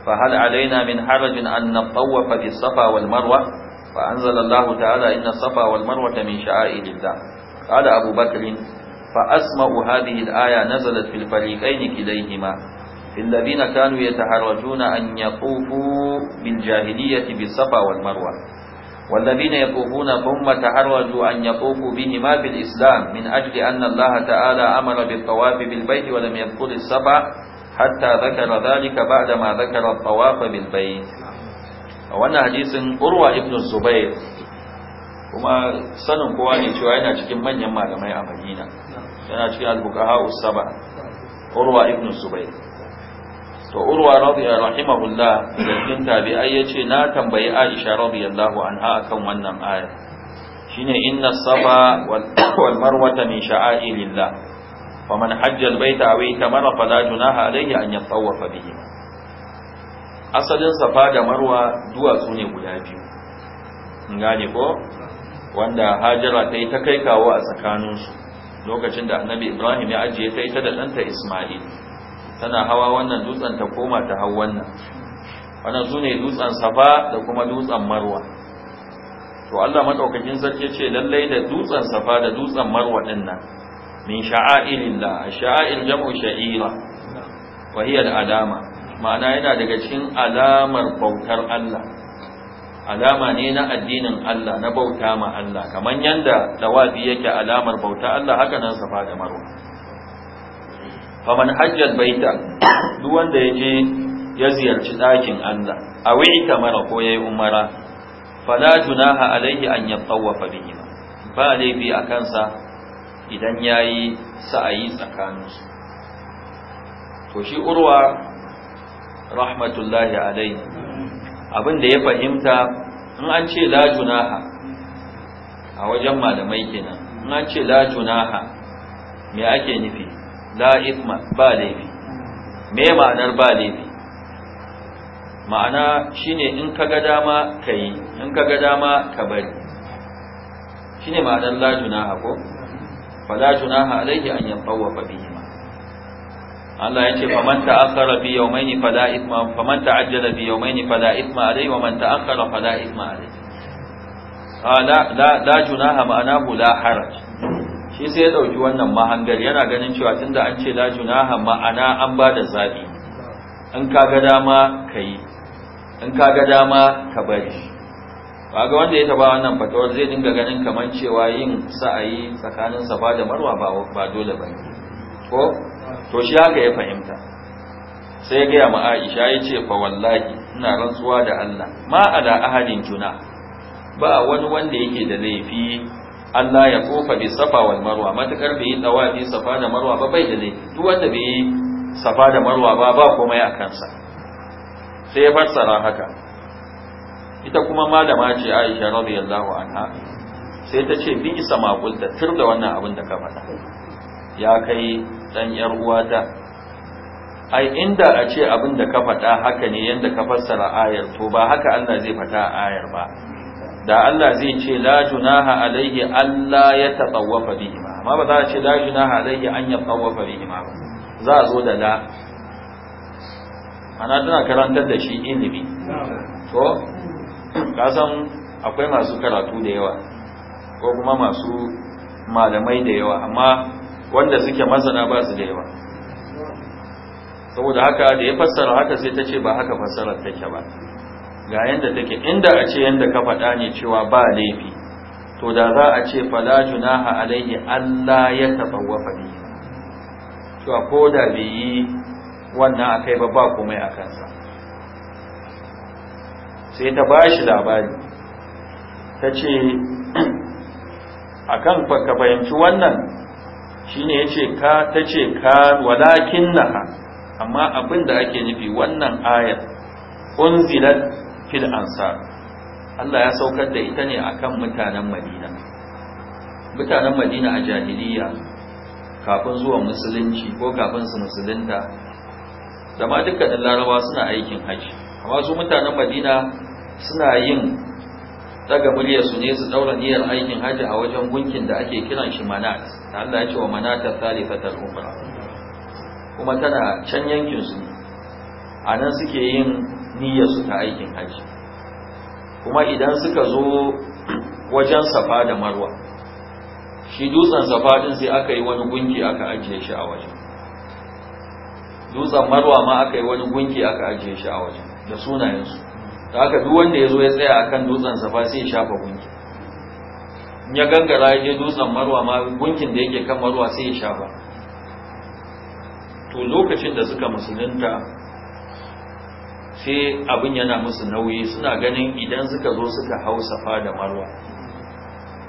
فهل علينا من حرج أن نطوف بالصفا والمروة فأنزل الله تعالى إن الصفا والمروة من شعائر الله قال أبو بكر فأسمأ هذه الآية نزلت في الفريقين كليهما الذين كانوا يتحرجون أن يطوفوا بالجاهلية بالصفا والمروة والذين يطوفون ثم تحرجوا أن يطوفوا بهما في الإسلام من أجل أن الله تعالى أمر بالطواف بالبيت ولم يدخل الصفا حتى ذكر ذلك بعدما ذكر الطواف بالبيت وأن حديث أروى ابن الزبير kuma sanin kowa ne cewa yana cikin manyan malamai a Madina yana cikin al-fuqaha us-sab'a Urwa ibn Zubayr to urwa radiyallahu rahimahullah da cikin tabi'ai yace na tambayi Aisha radiyallahu anha akan wannan aya shine inna safa wal (coughs) marwata min sha'airillah faman hajja al baita aw itamara fala junaha alayhi an yatawafa bihi asalin safa da marwa duwatsu ne guda biyu gane ko wanda hajara ta yi ta kai kawo a tsakaninsu lokacin da annabi ibrahim ya ajiye ta ita da ɗanta ismail tana hawa wannan dutsen ta koma ta hau wannan wannan su ne dutsen safa da kuma dutsen marwa to Allah madaukakin sarki ce lallai da dutsen safa da dutsen marwa din nan min sha'airillah sha'air jam'u sha'ira wa hiya alama ma'ana yana daga cikin alamar bautar Allah alama ne na addinin Allah na bauta ma Allah Kamar yanda tawafi yake alamar bauta Allah haka nan safa da marwa faman hajjal baita duk wanda ya je ya ziyarci ɗakin Allah a waita mara ko yayi umara fala junaha alaihi an yatawafa bihi ba laifi a kansa idan yayi sa'ayi tsakaninsu to shi urwa rahmatullahi alaihi abin da ya fahimta in an ce la junaha a wajen malamai kenan in an ce la junaha me ake nufi la isma ba laifi me ma'anar ba laifi ma'ana shine in ka ga dama ka yi in ka ga dama ka bari shine ma'anar la junaha ko fa la junaha alaihi an yatawafa bihi Allah ya ce man ta'akhkhara bi yawmayn fala ithma man ta'ajjala bi yawmayn la ithma alayhi wa man ta'akhkhara la ithma alayhi ah, la la la junaha ma'anahu la haraj shi sai ya ɗauki wannan mahangar yana ganin cewa tunda an ce la junaha ma'ana an ba da zaɓi in ka ga dama ka yi in ka ga dama ka bari kaga wanda ya taba wannan fatawar zai dinga ganin kamar cewa yin sa'ayi tsakanin safa da marwa ba dole ba ko to shi haka ya fahimta sai ya gaya ma Aisha ya ce fa wallahi ina rantsuwa da Allah ma ala ahadin juna ba wani wanda yake da laifi Allah ya kofa bi safa wal marwa matakar bai yi dawafi safa da marwa ba bai da ne duk wanda bai yi safa da marwa ba ba komai a kansa sai ya fassara haka ita kuma malama ce Aisha radiyallahu anha sai ta ce bi isa maqulta tur da wannan abin da ka faɗa ya kai dan yar uwata ai inda a ce abin da ka faɗa haka ne yanda ka fassara ayar to ba haka Allah zai faɗa ayar ba da Allah zai ce la junaha alaihi Allah ya tatawafa bihi ma amma ba za a ce la junaha alaihi an ya tatawafa bihi ma za a zo da la ana tana karantar da shi ilimi to ka san akwai masu karatu da yawa ko kuma masu malamai da yawa amma wanda suke masana ba su da yawa saboda haka da ya fassara haka sai ta ce ba haka fassarar take ba ga yanda take inda a ce yanda ka faɗa ne cewa ba laifi to da za a ce fala junaha alaihi Allah ya tabawwafa bi cewa ko da bai yi wannan akai ba ba komai a kansa sai ta bashi labari ta ce akan (clears throat) ka fahimci wannan shine yace ka ce ka walakinnaha amma abin da ake nufi wannan ayat unzilat fil ansar Allah ya saukar da ita ne akan mutanen Madina mutanen Madina a jahiliya kafin zuwa musulunci ko kafin su musulunta da ma dukkanin Larabawa suna aikin haji amma su mutanen Madina suna yin daga muryarsu ne su daura niyyar aikin haji a wajen gunkin da ake kiran shi Manat Allah ya ce wa Manat al-umra kuma tana can yankin su a nan suke yin su ta aikin hajji kuma idan suka zo wajen safa da marwa shi dutsen safa din sai aka yi wani gunki aka ajiye shi a wajen dutsen marwa ma aka yi wani gunki aka ajiye shi a wajen da sunayensu da haka duk wanda ya zo ya tsaya akan dutsen safa sai ya shafa gunki in ya gangara ya je dutsen marwa ma gunkin da yake kan marwa sai ya shafa to lokacin da suka musulunta sai abin yana musu nauyi suna ganin idan suka zo suka hau safa da marwa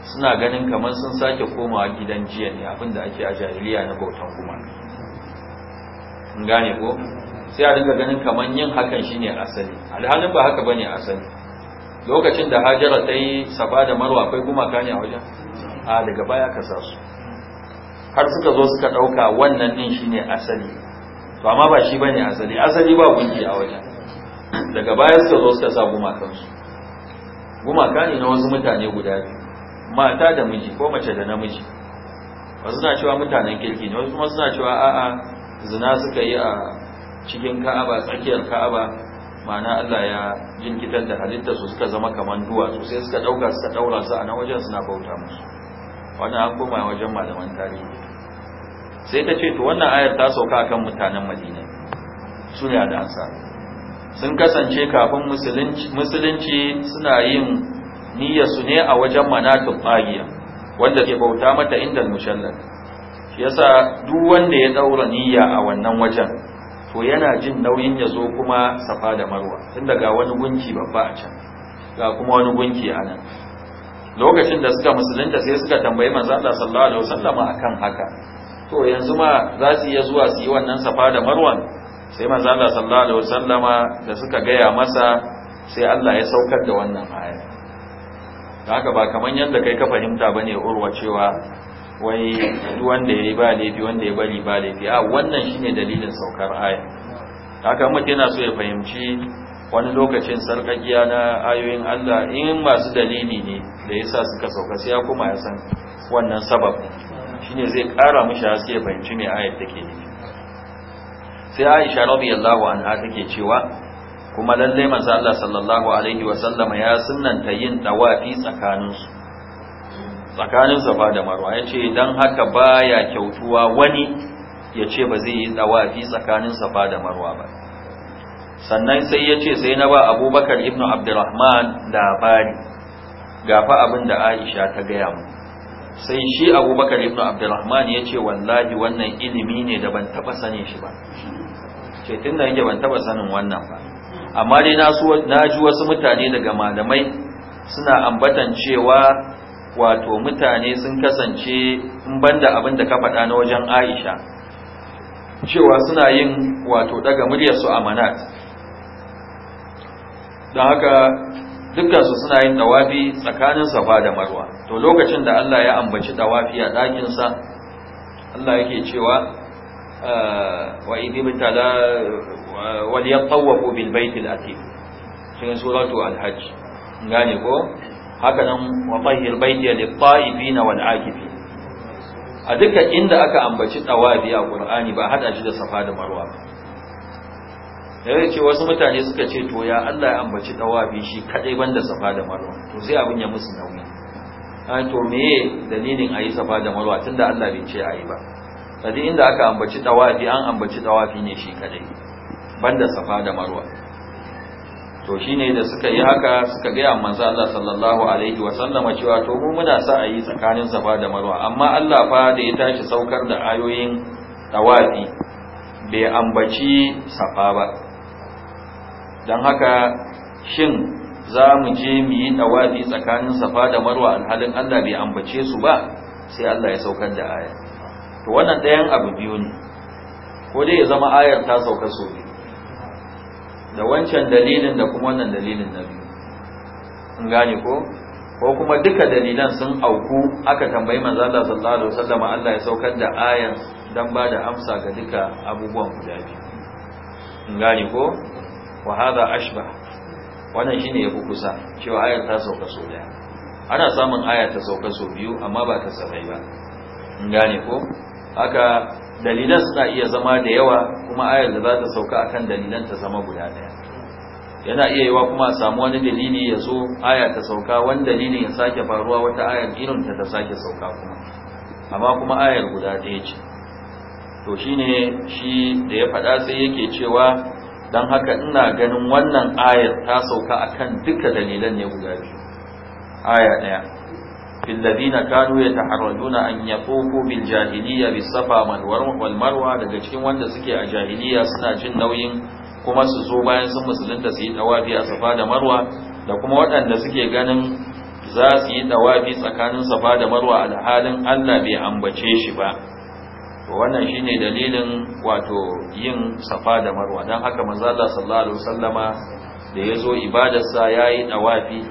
suna ganin kamar sun sake komawa gidan jiya ne abin da ake a jahiliya na bautan kuma in gane ko sai a dinga ganin kamar yin hakan shine asali alhalin ba haka bane asali lokacin da hajara ta yi safa da marwa akwai kuma ne a wajen a daga baya ka sa su har suka zo suka ɗauka wannan ɗin shine asali to amma ba shi bane asali asali ba gunki a wajen daga baya suka zo suka sa gumakansu gumaka ne na wasu mutane guda biyu mata da miji ko mace da namiji wasu suna cewa mutanen kirki ne wasu suna cewa a'a zina suka yi a cikin ka'aba tsakiyar ka'aba ma'ana Allah ya kitan da halitta su suka zama kamar su, sai suka dauka suka daura su a nan wajen suna bauta musu wannan an koma wajen malaman tarihi sai ta ce to wannan ayar ta sauka akan mutanen Madina su ne da ansar sun kasance kafin musulunci suna yin niyyarsu ne a wajen manatun magiya wanda ke bauta mata inda mushallar shi yasa duk wanda ya daura niyya a wannan wajen to yana jin nauyin ya zo kuma safa da marwa tun daga wani gunki babba a can ga kuma wani gunki a nan lokacin da suka musulunta sai suka tambayi manzo Allah sallallahu alaihi wasallam akan haka to yanzu ma za su iya zuwa su yi wannan safa da marwan sai manzo Allah sallallahu alaihi wasallama da suka gaya masa sai Allah ya saukar da wannan aya haka ba kaman yadda kai ka fahimta bane urwa cewa wai duk wanda yayi ba laifi wanda ya bari ba laifi a wannan shine dalilin saukar aya haka yana so ya fahimci wani lokacin sarkakiya na ayoyin Allah in masu dalili ne da yasa suka sauka sai ya kuma ya san wannan sabab shine zai kara mishi haske ya fahimci me ayat take nufi sai Aisha radiyallahu anha take cewa kuma lalle manzo Allah sallallahu alaihi wa sallama ya sunnanta yin tsakanin tsakaninsu tsakanin Safa da Marwa yace dan haka baya kyautuwa wani yace ba zai yi tawafi tsakanin Safa da Marwa ba sannan sai yace sai na ba Abubakar ibn Abdurrahman labari gafa abin da Aisha ta gaya mu sai shi abubakar ibn abdurrahman ya ce wallahi wannan ilimi ne da ban taba sane shi ba ce tun da yake ban taba sanin wannan ba amma dai na ji wasu mutane daga malamai suna ambatan cewa wato mutane sun kasance in banda abin da ka faɗa na wajen aisha cewa suna yin wato daga muryarsu a manat don haka dukkansu suna yin dawafi tsakanin safa da marwa to lokacin da allah ya ambaci dawafi a ɗakinsa allah yake cewa wa idhi mutala wal yatawafu bil bait al atiq cikin suratu al hajj gane ko haka nan wa tahhir baiti lit wal a duka inda aka ambaci tawafi a qur'ani ba hada shi da safa da marwa yayin ce wasu mutane suka ce to ya Allah ya ambaci tawafi shi kadai banda safa da marwa to sai abin ya musu nauyi to meye dalilin ayi safa da marwa tunda Allah bai ce ayi ba sadi inda aka ambaci tawafi an ambaci tawafi ne shi kadai banda safa da marwa to shine da suka yi haka suka gaya manzo Allah sallallahu alaihi wa sallama cewa to mu muna sa a yi tsakanin safa da marwa amma Allah fa da ya tashi saukar da ayoyin tawafi bai ambaci safa ba dan haka shin za mu je mu yi tawafi tsakanin safa da marwa alhalin Allah bai ambace su ba sai Allah ya saukar da ayoyi to wannan ɗayan abu biyu ne ko dai ya zama ayar ta sauka so biyu da wancan dalilin da kuma wannan dalilin na biyu in gane ko ko kuma duka dalilan sun auku aka tambayi manzo Allah sallallahu alaihi wasallam Allah ya saukar da ayar dan ba da amsa ga duka abubuwan guda biyu in gane ko wa hada ashbah wannan shine ya kusa cewa ayar ta sauka so ɗaya. ana samun aya ta sauka so biyu amma ba ta sabai ba in gane ko haka dalilan suna iya zama da yawa kuma ayar da za ta sauka a kan dalilan ta zama guda daya yana iya yiwa kuma a samu wani dalili ya zo aya ta sauka wani dalilin ya sake faruwa wata ayar irin ta ta sake sauka kuma amma kuma ayar guda ɗaya ce to shi ne shi da ya faɗa sai yake cewa don haka ina ganin wannan ayar ta sauka akan duka dalilan ne guda biyu ɗaya في الذين كانوا يتحرجون أن يطوفوا بالجاهلية بالصفا والمروة daga cikin wanda suke a jahiliya suna jin nauyin kuma su zo bayan sun musulunta su yi tawafi a safa da marwa da kuma waɗanda suke ganin za su yi tawafi tsakanin safa da marwa alhalin Allah bai ambace shi ba to wannan shine dalilin wato yin safa da marwa dan haka manzo Allah sallallahu alaihi wasallama da yazo ibadarsa yayi tawafi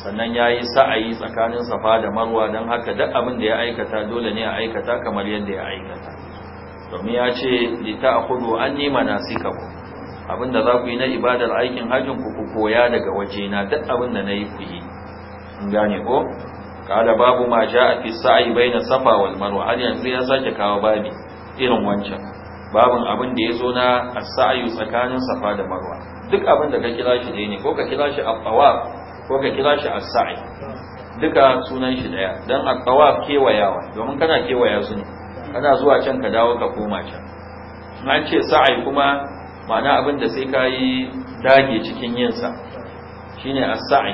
sannan ya yi sa'ayi tsakanin safa da marwa don haka duk abin da ya aikata dole ne a aikata kamar yadda ya aikata domin ya ce lita a kudu an nima na sika ku abin da za ku yi na ibadar aikin hajjin ku ku koya daga wajena duk abin da na yi ku yi in gane ko kada babu ma ja a fi sa'ayi bai na safa wal marwa har yanzu ya sake kawo babi irin wancan babin abin da ya zo na a sa'ayi tsakanin safa da marwa duk abin da ka kira shi ne ko ka kira shi a ko ka kira shi as-sa'i duka sunan shi daya dan aqwa kewayawa domin kana kewaya su ne kana zuwa can ka dawo ka koma can an ce sa'i kuma ma'ana abin da sai kai dage cikin yin sa shine as-sa'i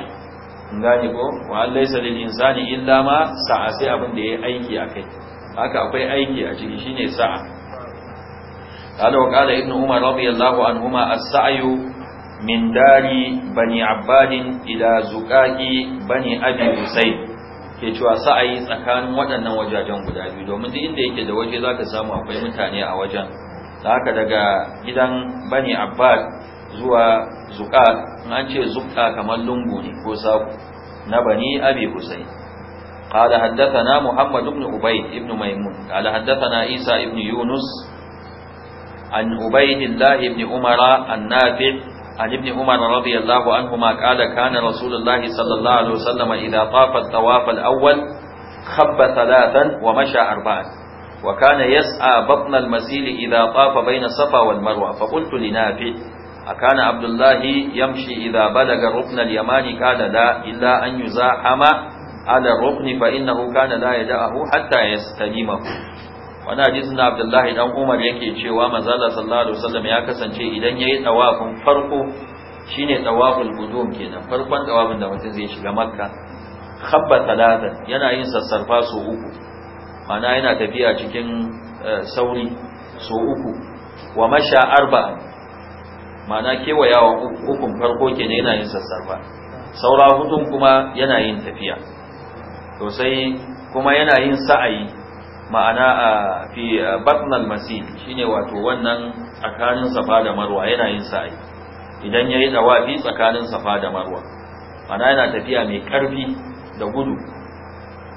gane ko wa laysa lil insani illa ma sa'a sai abin da yayi aiki akai haka akwai aiki a ciki shine sa'a قال وقال ابن عمر رضي الله عنهما السعي min dari bani abbadin ila zuƙaƙi bani abi husayn ke cewa ayi tsakanin waɗannan wajajen guda biyu domin duk inda yake da waje zaka samu akwai mutane a wajen da haka daga gidan bani abbad zuwa zuƙa an ce zuƙa kamar lungu ne ko saku na bani abi husayn قال حدثنا محمد بن عبيد بن ميمون قال حدثنا عيسى بن يونس عن عبيد الله بن عمر النافع عن ابن عمر رضي الله عنهما قال كان رسول الله صلى الله عليه وسلم إذا طاف الطواف الأول خب ثلاثا ومشى أربعا وكان يسعى بطن المسيل إذا طاف بين الصفا والمروة فقلت لنافع أكان عبد الله يمشي إذا بلغ ركن اليمان قال لا إلا أن يزاحم على الركن فإنه كان لا يدعه حتى يستلمه wani hadisi na abdullahi dan umar yake cewa mazala sallallahu alaihi wasallam ya kasance idan yayi tawafin farko shine tawaful qudum kenan farkon tawafin da mutum zai shiga makka khabba talatan yana yin sassarfa so uku mana yana tafiya cikin eh, sauri so uku wa masha arba mana kewayawa ukun farko kenan yana yin sassarfa saura hudun kuma yana yin tafiya to sai kuma yana yin sa'ayi ma'ana a fi batnal masih shine wato wannan tsakanin safa da marwa yana yin sa'i idan yayi dawafi tsakanin safa da marwa ma'ana yana tafiya mai karfi da gudu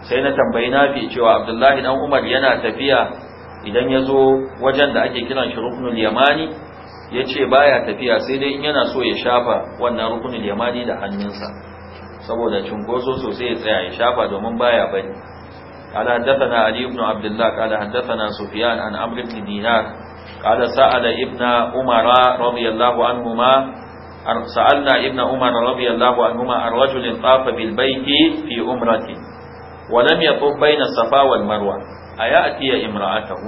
sai na tambayi na fi cewa abdullahi dan umar yana tafiya idan ya zo wajen da ake kiran shi rukunin yamani ya ce baya tafiya sai dai in yana so ya shafa wannan rukunin yamani da hannunsa saboda cunkoso sosai ya tsaya ya shafa domin baya bari. قال حدثنا علي بن عبد الله قال حدثنا سفيان عن عمرو بن دينار قال سأل ابن عمر رضي الله عنهما سألنا ابن عمر رضي الله عنهما عن رجل طاف بالبيت في عمرة ولم يطف بين الصفا والمروة أيأتي امرأته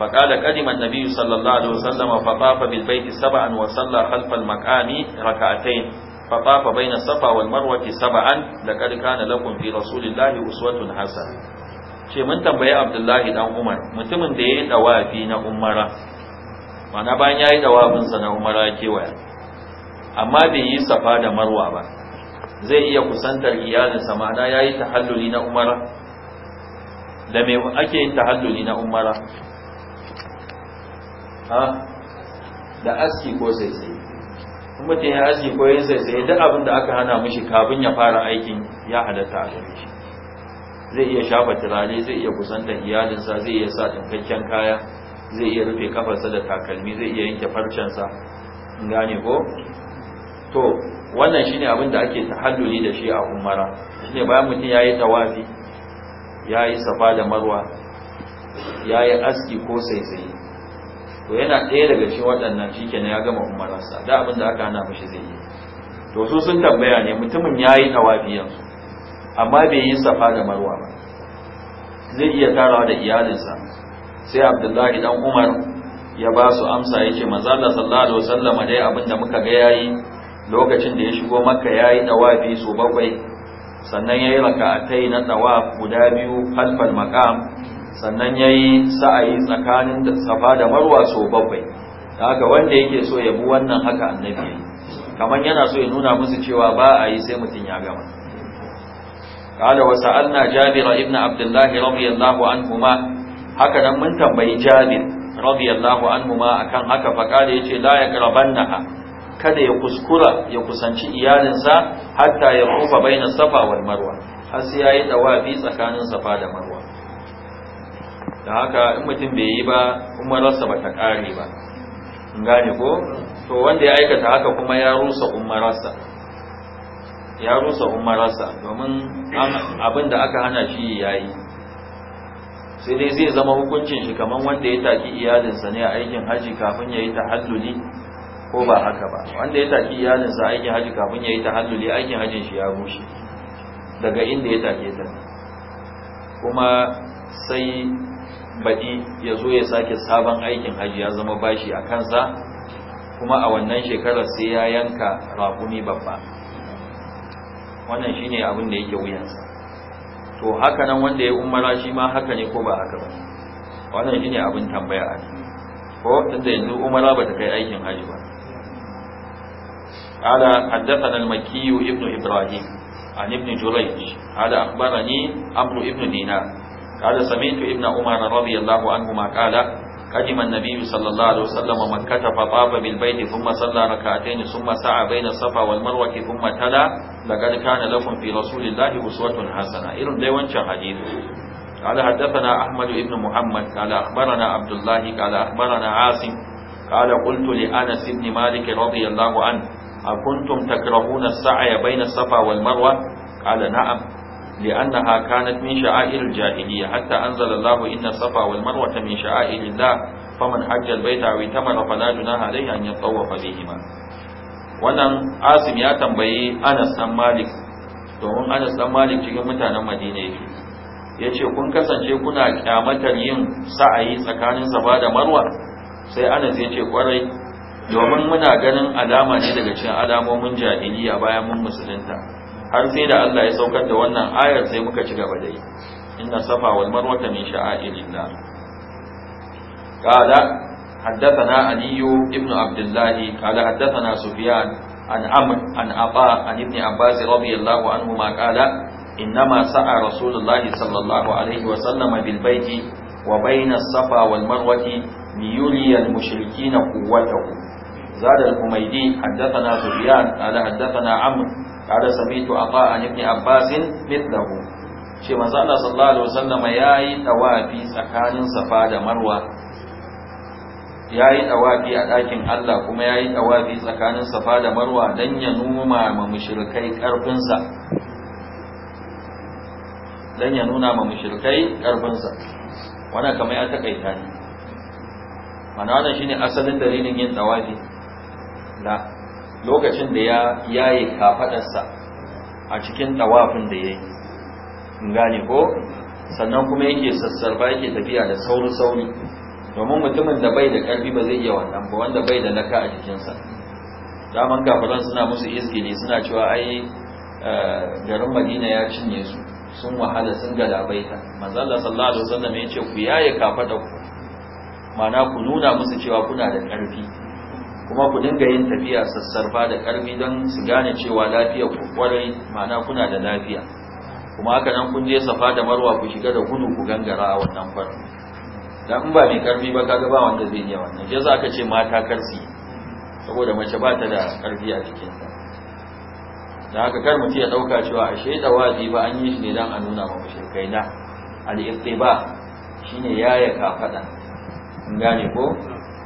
فقال قدم النبي صلى الله عليه وسلم فطاف بالبيت سبعا وصلى خلف المقام ركعتين فطاف بين الصفا والمروة سبعا لقد كان لكم في رسول الله أسوة حسنة ce mun tambayi abdullahi dan umar mutumin da ya yi dawafi na umara mana bayan ya yi dawafinsa na umara kewaya amma bai yi safa da marwa ba zai iya kusantar iyalinsa ma'ana ya yi tahalluli na umara da mai ake yin tahalluli na umara ha da aski ko sai-sai mutum ya aski ko yin sai-sai duk abin da aka hana mishi kafin ya fara aikin ya halatta a gare shi zai iya shafa turare zai iya kusan da iyalinsa zai iya sa dinkakken kaya zai iya rufe kafarsa da takalmi zai iya yanke farcensa gane ko to wannan shine abin da ake tahalluli da shi a umara shine bayan mutum ya yi tawafi ya yi safa da marwa yi aski ko saisaye to yana ɗaya daga cikin waɗannan kenan ya gama umararsa da abin da aka hana mishi zai yi to su sun tambaya ne mutumin ya yi tawafi yanzu amma bai yi safa da marwa ba zai iya tarawa da iyalinsa sai abdullahi dan umar ya ba su amsa ya yake manzala sallallahu alaihi wasallama dai abinda muka ga yayi lokacin da ya shigo makka yayi dawafi su bakwai sannan yayi raka'atai na dawaf guda biyu halfal maqam sannan yayi sa'ayi tsakanin da safa da marwa su bakwai haka wanda yake so ya bi wannan haka annabi kamar yana so ya nuna musu cewa ba a yi sai mutum ya gama قال وسألنا جابر ابن عبد الله رضي الله عنهما هكذا من تنبي جابر رضي الله عنهما أكان هكا فقال يجي لا يقربنها kada ya kuskura ya kusanci iyalinsa hatta ya kufa bainan safa wal marwa har sai yayi dawafi tsakanin safa da marwa da haka in mutum bai yi ba umararsa bata kare ba in gane ko to wanda ya aikata haka kuma ya rusa umararsa ya rusa umararsa domin abin da aka hana shi ya yi sai dai zai zama hukuncin shi kamar wanda ya taƙi iyalinsa ne a aikin haji kafin ya yi tahalluli ko ba haka ba wanda ya taƙi iyalinsa a aikin haji kafin ya yi tahalluli aikin hajin shi ya rushe daga inda ya take ta kuma sai baɗi ya zo ya sake sabon aikin haji ya zama bashi a kansa kuma a wannan shekarar sai ya yanka raƙumi babba wannan shine abin da yake wuyansa to haka nan wanda ya umara shi ma haka ne ko ba haka ba wannan shine abin tambaya a ko tunda yanzu umara ba ta kai aikin haji ba قال حدثنا المكي ابن إبراهيم عن ابن جريج قال أخبرني عمرو ابن دينار قال سمعت ابن عمر رضي الله عنهما قال قدم النبي صلى الله عليه وسلم مكة فطاب بالبيت ثم صلى ركعتين ثم سعى بين الصفا والمروة ثم تلا لقد كان لكم في رسول الله أسوة حسنة إلهم دي وانشا حديث قال حدثنا أحمد بن محمد قال أخبرنا عبد الله قال أخبرنا عاصم قال قلت لأنس بن مالك رضي الله عنه أكنتم تكرهون السعي بين الصفا والمروة قال نعم لأنها كانت من شعائر الجاهلية حتى أنزل الله إن الصفا والمروة من شعائر الله فمن حج البيت أو اعتمر فلا جناح عليه أن يطوف بهما wannan asim ya tambayi anas dan malik domin anas dan malik cikin mutanen madina yake ya ce kun kasance kuna kyamatar yin sa'ayi tsakanin safa da marwa sai anas ya ce kwarai domin muna ganin alama ne daga cikin alamomin jahiliya bayan mun musulunta har sai da Allah ya saukar da wannan ayar sai muka ci gaba da yi inna safa wal marwa min sha'airillah qala حدثنا علي بن عبد الله قال حدثنا سفيان عن عمرو عن عطاء عن ابن عباس رضي الله عنهما قال إنما سعى رسول الله صلى الله عليه وسلم بالبيت وبين الصفا والمروة ليلي المشركين قوته زاد الحميدي حدثنا سفيان قال حدثنا عمرو قال سمعت عطاء عن ابن عباس مثله شيء manzo Allah sallallahu alaihi wasallam yayi tawafi tsakanin Safa da Marwa ya yi ɗawafi a ɗakin Allah kuma ya yi ɗawafi tsakanin safa da marwa don ya nuna ma mushrikai ƙarfinsa don ya nuna ma mushrikai ƙarfinsa wannan kamar ya taƙaita ne mana wannan shine asalin dalilin yin ɗawafi da lokacin da ya yaye kafaɗarsa a cikin ɗawafin da ya yi gane ko sannan kuma yake sassarfa yake tafiya da sauri-sauri domin mutumin da bai da ƙarfi ba zai iya wannan ba wanda bai da laka a jikinsa daman kafiran suna musu izgini suna cewa ai eh, garin madina ya cinye su sun wahala sun galabaita manzala sallallahu alaihi wasallam ya ce ku yaye kafada ku mana ku nuna musu cewa kuna da ƙarfi kuma ku dinga yin tafiya sassarfa da ƙarfi don su gane cewa lafiya ku kwarai mana kuna da lafiya kuma haka nan kun je safa da marwa ku shiga da gudu ku gangara a wannan farin in ba mai karfi ba kaga ba wanda zai yi wannan ya za ka ce mata karsi saboda mace ba ta da karfi a jikinta da haka kar mutum ya ɗauka cewa ashe dawazi ba an yi shi ne dan a nuna ma kai na al-istiba shine ya kafada in gane ko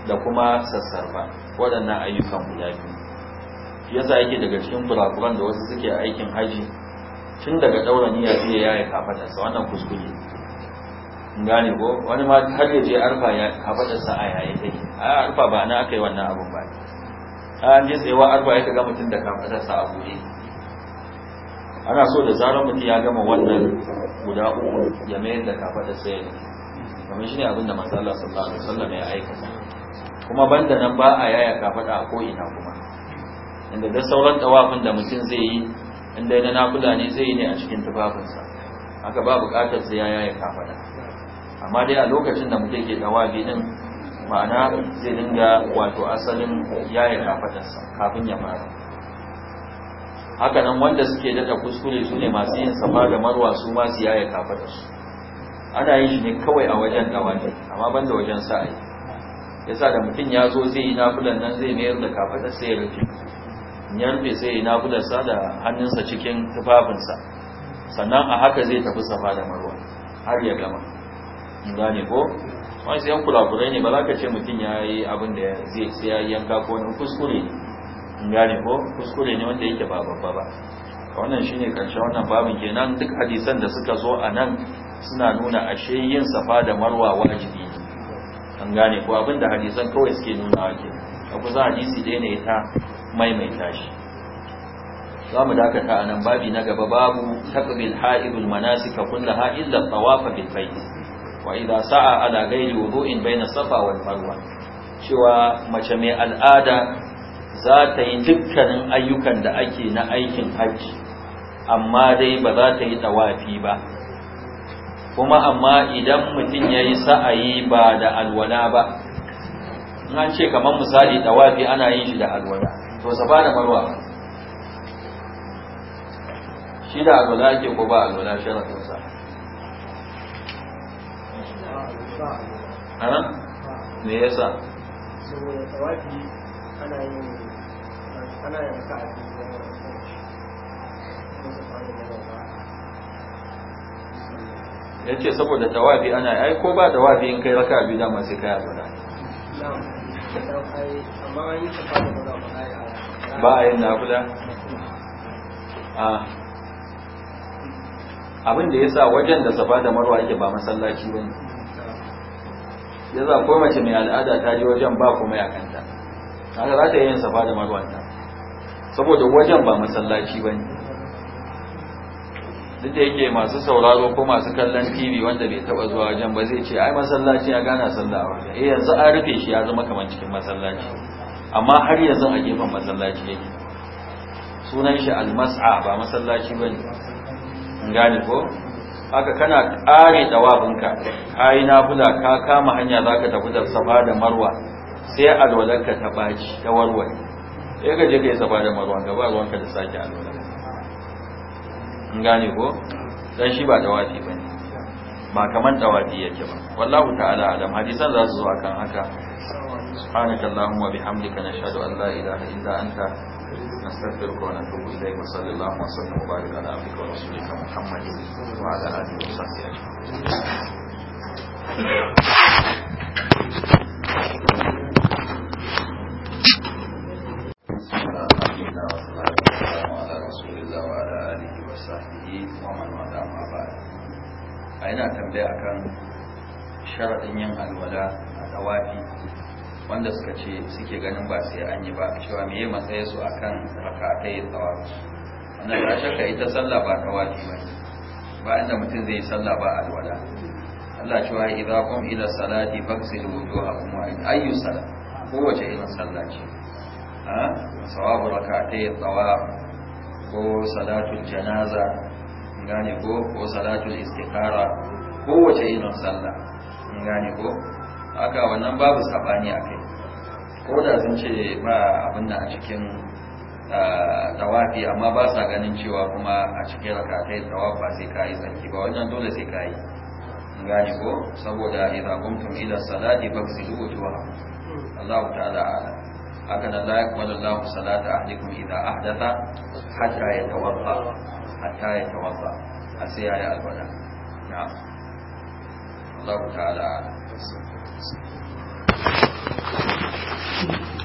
da kuma sassarfa waɗannan ayyukan guda biyu shi yasa yake daga cikin kurakuran da wasu suke aikin haji tun daga daura niyya sai ya kafaɗa, sa wannan kuskure gane ko wani ma har yaje arfa ya haɓaɗa sa, ya yi take a arfa ba na akai wannan abun ba a an je tsayawa arfa ya kaga mutum da sa a buɗe ana so da zarar mutum ya gama wannan guda uku ya mayar da kafaɗa sai ya kamar shi ne abin da Allah sallallahu alaihi wasallam ya aikata kuma banda nan ba a yaya kafaɗa ko ina kuma inda da sauran tawafin da mutum zai yi inda na nafuda ne zai yi ne a cikin tufafinsa haka ba buƙatar sai ya yaya kafaɗa amma dai a lokacin da mutum ke dawabi din ma'ana zai dinga wato asalin yayi kafatarsa kafin ya fara haka nan wanda suke daɗa kuskure su ne masu yin safa da marwa su ma su yaye kafatarsu ana yin shi ne kawai a wajen dawabi amma ban da wajen ai yasa da mutum ya zo zai yi nafulan nan zai mayar da kafatar sai ya rufe ya rufe sai ya nafular sa da hannunsa cikin tufafinsa sannan a haka zai tafi safa da marwa har ya gama gane ko wani sai yan kurakurai ne ba za ka ce mutum ya yi abin da zai sai ya yi yanka ko wani kuskure ne gane ko kuskure ne wanda yake ba babba ba wannan shi ne karshen wannan babin kenan duk hadisan da suka zo a nan suna nuna ashe yin safa da marwa wajibi ne an gane ko abinda hadisan kawai suke nuna wake a kusa hadisi ɗaya ne ta maimaita shi za mu dakata a nan babi na gaba babu takbil ha'ibul manasika kullaha illa tawafa bil bayt wa idza sa'a ala ghairi wudu'in baina safa wal marwa cewa mace mai al'ada za ta yi dukkanin ayyukan da ake na aikin hajji amma dai ba za ta yi tawafi ba kuma amma idan mutum ya yi sa'ayi ba da alwala ba an ce kamar misali tawafi ana yin shi da alwala to safa da marwa shi da alwala ake ko ba alwala sharafinsa ana me saboda tawafi ana yi ya ce saboda tawafi ana ko ba tawafi in kai raka biyu dama sai kai da ba a yin na (laughs) a ah. abin da yasa wajen da safa da marwa yake ba masallaci bane yasa ko mace mai al'ada ta je wajen ba kuma ya kanta haka za ta yi yin safa da marwa ta saboda wajen ba masallaci bane duk da yake masu sauraro ko masu kallon TV wanda bai taba zuwa wajen ba zai ce ai masallaci ya gana sallah a wajen eh yanzu an rufe shi ya zama kamar cikin masallaci amma har yanzu a gefen masallaci yake sunan shi almas'a ba masallaci bane gane ko haka kana kare dawabinka ka yi nafula ka kama hanya za ka tafi da safa da marwa sai alwalarka ta baci ta warware sai ka je ka yi safa da marwa gaba ruwanka da sake alwalar in gane ko dan shi ba dawafi ba ne ba kaman dawafi yake ba wallahu ta'ala alam hadisan za su zo akan haka سبحانك اللهم وبحمدك نشهد أن لا إله إلا أنت نستغفرك ونتوب إليك وصلى الله وسلم وبارك على عبدك ورسولك محمد وعلى آله وصحبه أجمعين. أنا تنبيه عن شرط yin alwala a tawafi wanda suka ce suke ganin ba sai an yi ba cewa meye matsayin su akan rakatai tawafi wannan ba shakka ita sallah ba tawafi ba ba inda mutum zai yi sallah ba alwala Allah cewa idza qum ila salati faghsilu wujuhakum wa ayyu salat kowace irin sallah ce a sawabu rakatai tawaf ko salatul janaza gane ko ko salatul istikhara kowace irin sallah gane ko haka wannan babu sabani a kai ko da sun ce ba abin da a cikin tawafi amma ba sa ganin cewa kuma a cikin rakatai tawafa ba sai kayi tsarki ba wajen dole sai kayi gani ko saboda idan kuntum ila salati faghsilu wujuhakum Allah ta'ala ala haka nan la yaqbalu Allahu salata ahlikum idza ahdatha hatta yatawadda hatta yatawadda sai yayi albada na'am Allah ta'ala ala see.